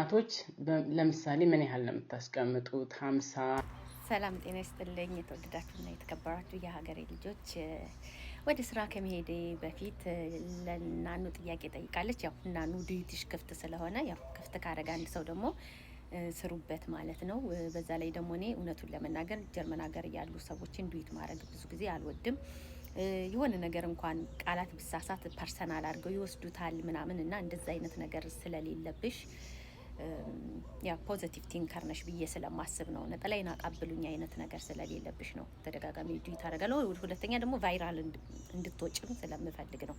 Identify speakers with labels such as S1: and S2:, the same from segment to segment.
S1: እናቶች ለምሳሌ ምን ያህል ነው የምታስቀምጡት? ሀምሳ
S2: ሰላም ጤና ይስጥልኝ። የተወደዳችሁና የተከበራችሁ የሀገሬ ልጆች ወደ ስራ ከመሄዴ በፊት ለናኑ ጥያቄ ጠይቃለች። ያው እናኑ ዲዩቲሽ ክፍት ስለሆነ ያው ክፍት ካረግ አንድ ሰው ደግሞ ስሩበት ማለት ነው። በዛ ላይ ደግሞ እኔ እውነቱን ለመናገር ጀርመን ሀገር ያሉ ሰዎችን ዱዊት ማድረግ ብዙ ጊዜ አልወድም። የሆነ ነገር እንኳን ቃላት ብሳሳት ፐርሰናል አድርገው ይወስዱታል ምናምን እና እንደዛ አይነት ነገር ስለሌለብሽ ያ ፖዘቲቭ ቲንከር ነሽ ብዬ ስለማስብ ነው። ነጠላይን አቃብሉኝ አይነት ነገር ስለሌለብሽ ነው። ተደጋጋሚ ዱ ታደረጋለ። ሁለተኛ ደግሞ ቫይራል እንድትወጭም ስለምፈልግ ነው።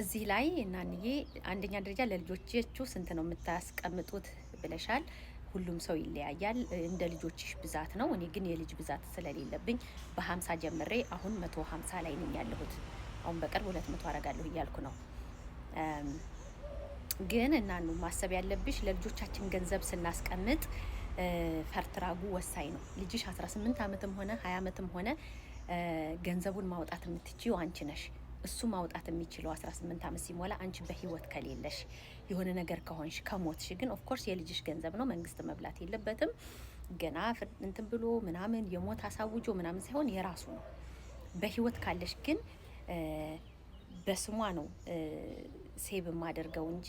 S2: እዚህ ላይ እናንዬ አንደኛ ደረጃ ለልጆቻችሁ ስንት ነው የምታስቀምጡት ብለሻል። ሁሉም ሰው ይለያያል፣ እንደ ልጆችሽ ብዛት ነው። እኔ ግን የልጅ ብዛት ስለሌለብኝ በሀምሳ ጀምሬ አሁን መቶ ሀምሳ ላይ ነኝ ያለሁት። አሁን በቅርብ ሁለት መቶ አረጋለሁ እያልኩ ነው ግን እና ነው ማሰብ ያለብሽ ለልጆቻችን ገንዘብ ስናስቀምጥ ፈርትራጉ ወሳኝ ነው። ልጅሽ 18 ዓመትም ሆነ 20 ዓመትም ሆነ ገንዘቡን ማውጣት የምትችይው አንቺ ነሽ። እሱ ማውጣት የሚችለው 18 ዓመት ሲሞላ አንቺ በህይወት ከሌለሽ የሆነ ነገር ከሆንሽ ከሞትሽ፣ ግን ኦፍኮርስ የልጅሽ ገንዘብ ነው። መንግስት መብላት የለበትም። ገና እንትን ብሎ ምናምን የሞት አሳውጆ ምናምን ሳይሆን የራሱ ነው። በህይወት ካለሽ ግን በስሟ ነው ሴብ የማደርገው እንጂ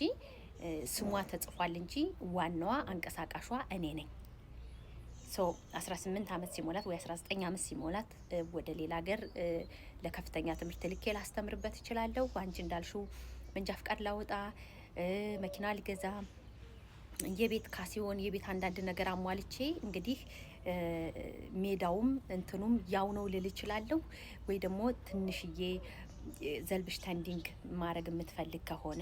S2: ስሟ ተጽፏል እንጂ ዋናዋ አንቀሳቃሿ እኔ ነኝ። ሶ 18 ዓመት ሲሞላት ወይ 19 ዓመት ሲሞላት ወደ ሌላ ሀገር ለከፍተኛ ትምህርት ልኬ ላስተምርበት እችላለሁ። አንቺ እንዳልሽው መንጃ ፍቃድ ላወጣ፣ መኪና ልገዛ፣ የቤት ካሲሆን የቤት አንዳንድ ነገር አሟልቼ እንግዲህ ሜዳውም እንትኑም ያው ነው ልል እችላለሁ። ወይ ደግሞ ትንሽዬ ዘልብሽ ተንዲንግ ማድረግ የምትፈልግ ከሆነ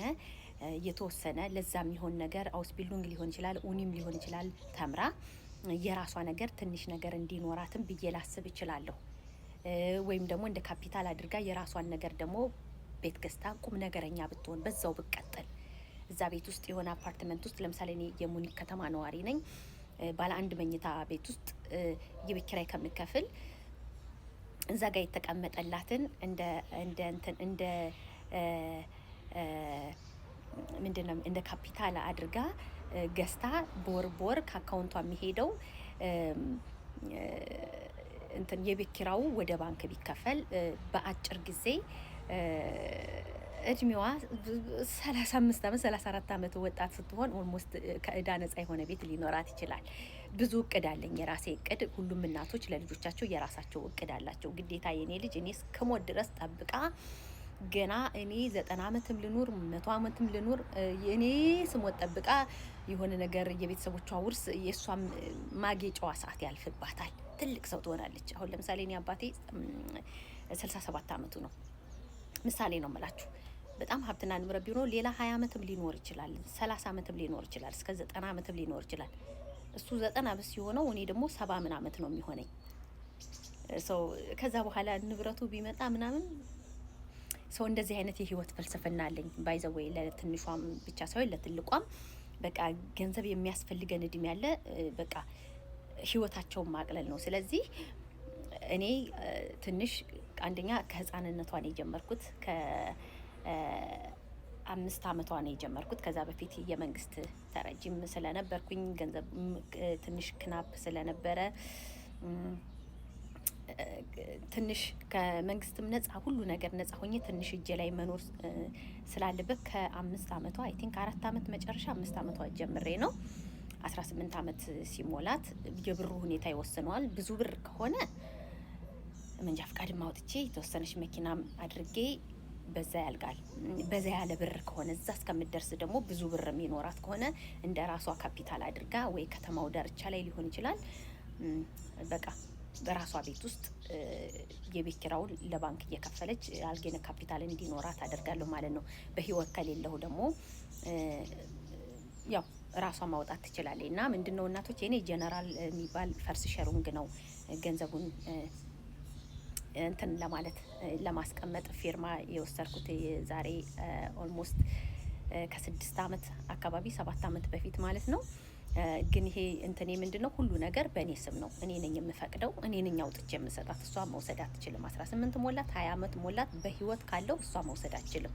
S2: የተወሰነ ለዛ የሚሆን ነገር አውስ ቢልዱንግ ሊሆን ይችላል፣ ኡኒም ሊሆን ይችላል። ተምራ የራሷ ነገር ትንሽ ነገር እንዲኖራትም ብዬ ላስብ እችላለሁ። ወይም ደግሞ እንደ ካፒታል አድርጋ የራሷን ነገር ደግሞ ቤት ገዝታ ቁም ነገረኛ ብትሆን በዛው ብቀጥል እዛ ቤት ውስጥ የሆነ አፓርትመንት ውስጥ ለምሳሌ እኔ የሙኒክ ከተማ ነዋሪ ነኝ። ባለ አንድ መኝታ ቤት ውስጥ የቤት ኪራይ ከምከፍል እዛ ጋር የተቀመጠላትን እንደ እንደ እንትን እንደ ምንድን ነው እንደ ካፒታል አድርጋ ገዝታ ቦር ቦር ከአካውንቷ የሚሄደው እንትን የቤት ኪራው ወደ ባንክ ቢከፈል በአጭር ጊዜ እድሜዋ 35 ዓመት 34 ዓመት ወጣት ስትሆን ኦልሞስት ከእዳ ነጻ የሆነ ቤት ሊኖራት ይችላል። ብዙ እቅድ አለኝ፣ የራሴ እቅድ። ሁሉም እናቶች ለልጆቻቸው የራሳቸው እቅድ አላቸው። ግዴታ የኔ ልጅ እኔ እስከሞት ድረስ ጠብቃ ገና እኔ ዘጠና ዓመትም ልኑር መቶ ዓመትም ልኑር እኔ ስሞት ጠብቃ የሆነ ነገር የቤተሰቦቿ ውርስ የእሷም ማጌጫዋ ሰዓት ያልፍባታል። ትልቅ ሰው ትሆናለች። አሁን ለምሳሌ እኔ አባቴ ስልሳ ሰባት ዓመቱ ነው። ምሳሌ ነው የምላችሁ። በጣም ሀብትና ንብረት ቢኖር ሌላ ሀያ ዓመትም ሊኖር ይችላል። ሰላሳ ዓመትም ሊኖር ይችላል። እስከ ዘጠና ዓመትም ሊኖር ይችላል። እሱ ዘጠና ዓመት ሲሆነው እኔ ደግሞ ሰባ ምን ነው የሚሆነኝ ሰው ከዛ በኋላ ንብረቱ ቢመጣ ምናምን ሰው እንደዚህ አይነት የህይወት ፍልስፍና አለኝ። ባይዘወይ ለትንሿም ብቻ ሳይሆን ለትልቋም በቃ ገንዘብ የሚያስፈልገን እድሜ ያለ በቃ ህይወታቸውን ማቅለል ነው። ስለዚህ እኔ ትንሽ አንደኛ ከህፃንነቷን የጀመርኩት ከ አምስት ዓመቷ ነው የጀመርኩት። ከዛ በፊት የመንግስት ተረጂም ስለነበርኩኝ ገንዘብ ትንሽ ክናፕ ስለነበረ ትንሽ ከመንግስትም ነፃ ሁሉ ነገር ነፃ ሆኜ ትንሽ እጄ ላይ መኖር ስላለበት ከአምስት ዓመቷ አይ ቲንክ አራት ዓመት መጨረሻ አምስት ዓመቷ ጀምሬ ነው 18 ዓመት ሲሞላት የብሩ ሁኔታ ይወስነዋል። ብዙ ብር ከሆነ መንጃ ፈቃድ የተወሰነች መኪናም አድርጌ በዛ ያልቃል። በዛ ያለ ብር ከሆነ እዛ እስከምደርስ ደግሞ ብዙ ብር የሚኖራት ከሆነ እንደ ራሷ ካፒታል አድርጋ ወይ ከተማው ዳርቻ ላይ ሊሆን ይችላል። በቃ በራሷ ቤት ውስጥ የቤት ኪራውን ለባንክ እየከፈለች አልጌነ ካፒታል እንዲኖራት አደርጋለሁ ማለት ነው። በህይወት ከሌለሁ ደግሞ ያው ራሷ ማውጣት ትችላለች። እና ምንድነው እናቶች ኔ ጀነራል የሚባል ፈርስ ሸሩንግ ነው ገንዘቡን እንትን ለማለት ለማስቀመጥ ፊርማ የወሰድኩት ዛሬ ኦልሞስት ከስድስት ዓመት አካባቢ ሰባት ዓመት በፊት ማለት ነው። ግን ይሄ እንትን ምንድን ነው ሁሉ ነገር በእኔ ስም ነው። እኔ ነኝ የምፈቅደው፣ እኔ ነኝ አውጥቼ የምሰጣት። እሷ መውሰድ አትችልም። አስራ ስምንት ሞላት፣ ሀያ ዓመት ሞላት፣ በህይወት ካለው እሷ መውሰድ አትችልም።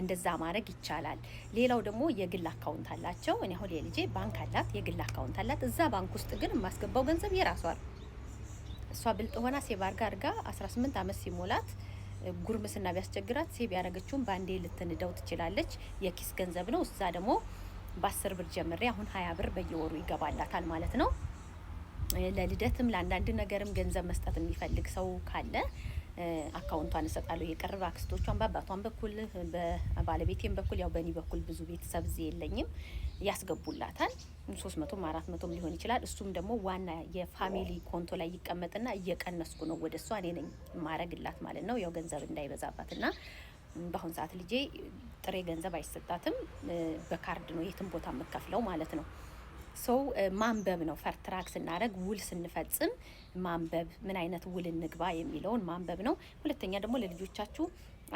S2: እንደዛ ማድረግ ይቻላል። ሌላው ደግሞ የግል አካውንት አላቸው። እኔ አሁን የልጄ ባንክ አላት፣ የግል አካውንት አላት። እዛ ባንክ ውስጥ ግን የማስገባው ገንዘብ የራሷ እሷ ብልጥ ሆና ሴብ አርጋ አርጋ 18 ዓመት ሲሞላት ጉርምስና ቢያስቸግራት ሴብ ያደረገችውን በአንዴ ልትንደው ትችላለች። የኪስ ገንዘብ ነው። እዛ ደግሞ በአስር ብር ጀምሬ አሁን ሀያ ብር በየወሩ ይገባላታል ማለት ነው። ለልደትም ለአንዳንድ ነገርም ገንዘብ መስጠት የሚፈልግ ሰው ካለ አካውንቷን እሰጣለሁ። የቀረበ አክስቶቿን በአባቷን በኩል በባለቤቴም በኩል ያው በእኔ በኩል ብዙ ቤተሰብ እዚህ የለኝም ያስገቡላታል። ሶስት መቶም አራት መቶም ሊሆን ይችላል። እሱም ደግሞ ዋና የፋሚሊ ኮንቶ ላይ ይቀመጥና እየቀነስኩ ነው ወደ እሷ እኔ ነኝ ማረግላት ማለት ነው። ያው ገንዘብ እንዳይበዛባት ና በአሁን ሰዓት ልጄ ጥሬ ገንዘብ አይሰጣትም። በካርድ ነው የትም ቦታ የምከፍለው ማለት ነው። ሰው ማንበብ ነው ፈርትራክ ስናደረግ ውል ስንፈጽም ማንበብ ምን አይነት ውል እንግባ የሚለውን ማንበብ ነው። ሁለተኛ ደግሞ ለልጆቻችሁ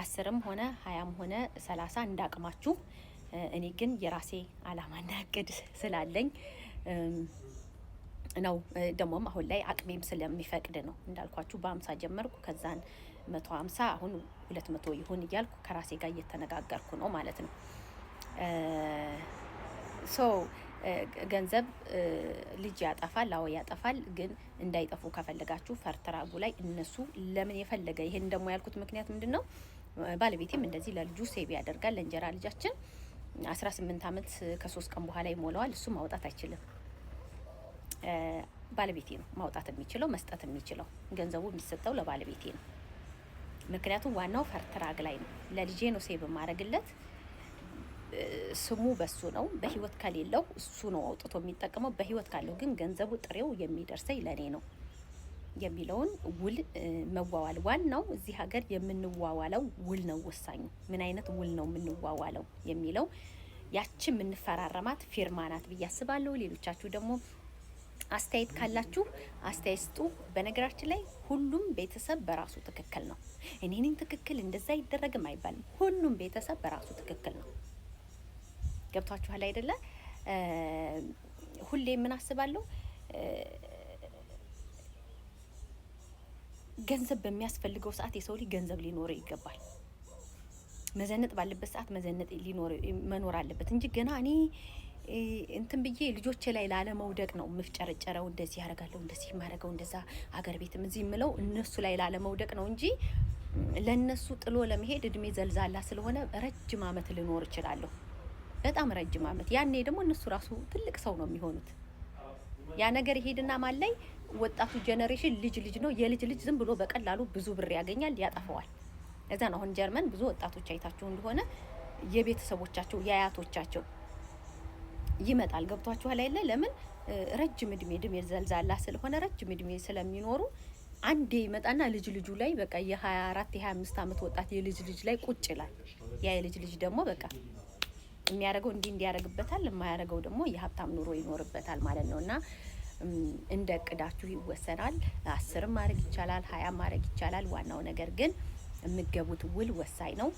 S2: አስርም ሆነ ሀያም ሆነ ሰላሳ እንዳቅማችሁ። እኔ ግን የራሴ አላማ እቅድ ስላለኝ ነው። ደግሞም አሁን ላይ አቅሜም ስለሚፈቅድ ነው። እንዳልኳችሁ በአምሳ ጀመርኩ ከዛን መቶ አምሳ አሁን ሁለት መቶ ይሁን እያልኩ ከራሴ ጋር እየተነጋገርኩ ነው ማለት ነው ሶ ገንዘብ ልጅ ያጠፋል። አዎ ያጠፋል። ግን እንዳይጠፉ ከፈለጋችሁ ፈርትራጉ ላይ እነሱ ለምን የፈለገ ይሄን ደግሞ ያልኩት ምክንያት ምንድን ነው? ባለቤቴም እንደዚህ ለልጁ ሴቪ ያደርጋል። ለእንጀራ ልጃችን 18 ዓመት ከሶስት ቀን በኋላ ይሞላዋል። እሱ ማውጣት አይችልም። ባለቤቴ ነው ማውጣት የሚችለው መስጠት የሚችለው ገንዘቡ የሚሰጠው ለባለቤቴ ነው። ምክንያቱም ዋናው ፈርትራግ ላይ ነው። ለልጄ ነው ሴቭ ማድረግለት ስሙ በሱ ነው። በህይወት ከሌለው እሱ ነው አውጥቶ የሚጠቀመው። በህይወት ካለው ግን ገንዘቡ ጥሬው የሚደርሰኝ ለእኔ ነው የሚለውን ውል መዋዋል። ዋናው እዚህ ሀገር የምንዋዋለው ውል ነው ወሳኙ። ምን አይነት ውል ነው የምንዋዋለው የሚለው ያቺ የምንፈራረማት ፊርማ ናት ብዬ አስባለሁ። ሌሎቻችሁ ደግሞ አስተያየት ካላችሁ አስተያየት ስጡ። በነገራችን ላይ ሁሉም ቤተሰብ በራሱ ትክክል ነው። እኔ ትክክል እንደዛ አይደረግም አይባልም። ሁሉም ቤተሰብ በራሱ ትክክል ነው። ገብቷችኋል አይደለ? ሁሌ ምን አስባለሁ ገንዘብ በሚያስፈልገው ሰዓት የሰው ልጅ ገንዘብ ሊኖረው ይገባል። መዘነጥ ባለበት ሰዓት መዘነጥ መኖር አለበት እንጂ ገና እኔ እንትን ብዬ ልጆቼ ላይ ላለመውደቅ ነው ምፍጨረጨረው። እንደዚህ ያደርጋለሁ፣ እንደዚህ ማድረገው፣ እንደዛ አገር ቤትም እዚህ የምለው እነሱ ላይ ላለመውደቅ ነው እንጂ ለእነሱ ጥሎ ለመሄድ እድሜ ዘልዛላ ስለሆነ ረጅም ዓመት ልኖር እችላለሁ። በጣም ረጅም አመት ያኔ ደግሞ እነሱ ራሱ ትልቅ ሰው ነው የሚሆኑት። ያ ነገር ይሄድና ማን ላይ ወጣቱ ጀኔሬሽን ልጅ ልጅ ነው። የልጅ ልጅ ዝም ብሎ በቀላሉ ብዙ ብር ያገኛል፣ ያጠፈዋል። እዛ ነው አሁን ጀርመን ብዙ ወጣቶች አይታችሁ እንደሆነ የቤተሰቦቻቸው የአያቶቻቸው ይመጣል። ገብቷችኋል አይደለ? ለምን ረጅም እድሜ እድሜ ዘልዛላ ስለሆነ ረጅም እድሜ ስለሚኖሩ አንዴ ይመጣና ልጅ ልጁ ላይ በቃ የ24 የ25 ዓመት ወጣት የልጅ ልጅ ላይ ቁጭ ይላል። ያ የልጅ ልጅ ደግሞ በቃ የሚያደርገው እንዲህ እንዲያደርግበታል፣ የማያደርገው ደግሞ የሀብታም ኑሮ ይኖርበታል ማለት ነው እና እንደ እቅዳችሁ ይወሰናል። አስርም ማድረግ ይቻላል፣ ሀያም ማድረግ ይቻላል። ዋናው ነገር ግን የምገቡት ውል ወሳኝ ነው።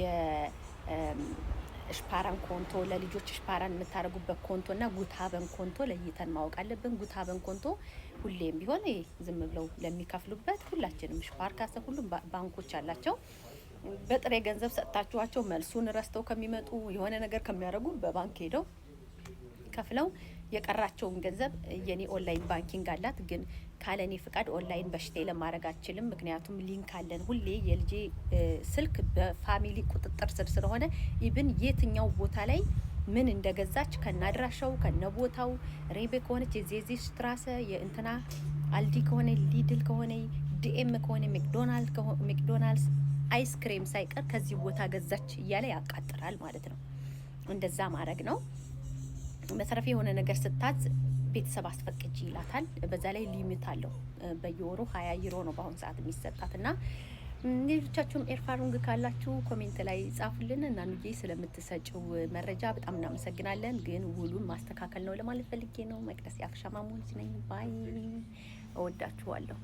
S2: የሽፓራን ኮንቶ ለልጆች ሽፓራን የምታደርጉበት ኮንቶና ጉታበን ኮንቶ ለይተን ማወቅ አለብን። ጉታበን ኮንቶ ሁሌም ቢሆን ዝም ብለው ለሚከፍሉበት ሁላችንም ሽፓር ካሰ ሁሉም ባንኮች አላቸው በጥሬ ገንዘብ ሰጥታችኋቸው መልሱን ረስተው ከሚመጡ የሆነ ነገር ከሚያደርጉ በባንክ ሄደው ከፍለው የቀራቸውን ገንዘብ የኔ ኦንላይን ባንኪንግ አላት። ግን ካለኔ ፍቃድ ኦንላይን በሽታ ለማድረግ አችልም። ምክንያቱም ሊንክ አለን። ሁሌ የልጄ ስልክ በፋሚሊ ቁጥጥር ስር ስለሆነ ኢብን የትኛው ቦታ ላይ ምን እንደገዛች ከናድራሻው ከነቦታው ሬቤ ከሆነች የዜዜ ስትራሰ የእንትና አልዲ ከሆነ ሊድል ከሆነ ዲኤም ከሆነ ሜክዶናልድ አይስክሬም ሳይቀር ከዚህ ቦታ ገዛች እያለ ያቃጥራል ማለት ነው። እንደዛ ማድረግ ነው። በተረፈ የሆነ ነገር ስታዝ ቤተሰብ አስፈቅጅ ይላታል። በዛ ላይ ሊሚት አለው። በየወሩ ሀያ ዩሮ ነው በአሁኑ ሰዓት የሚሰጣት እና ሌሎቻችሁም ኤርፋሩንግ ካላችሁ ኮሜንት ላይ ጻፉልን እና ኑዬ ስለምትሰጭው መረጃ በጣም እናመሰግናለን። ግን ውሉን ማስተካከል ነው ለማለት ፈልጌ ነው። መቅደስ የአፍሻ ነኝ ባይ። እወዳችኋለሁ።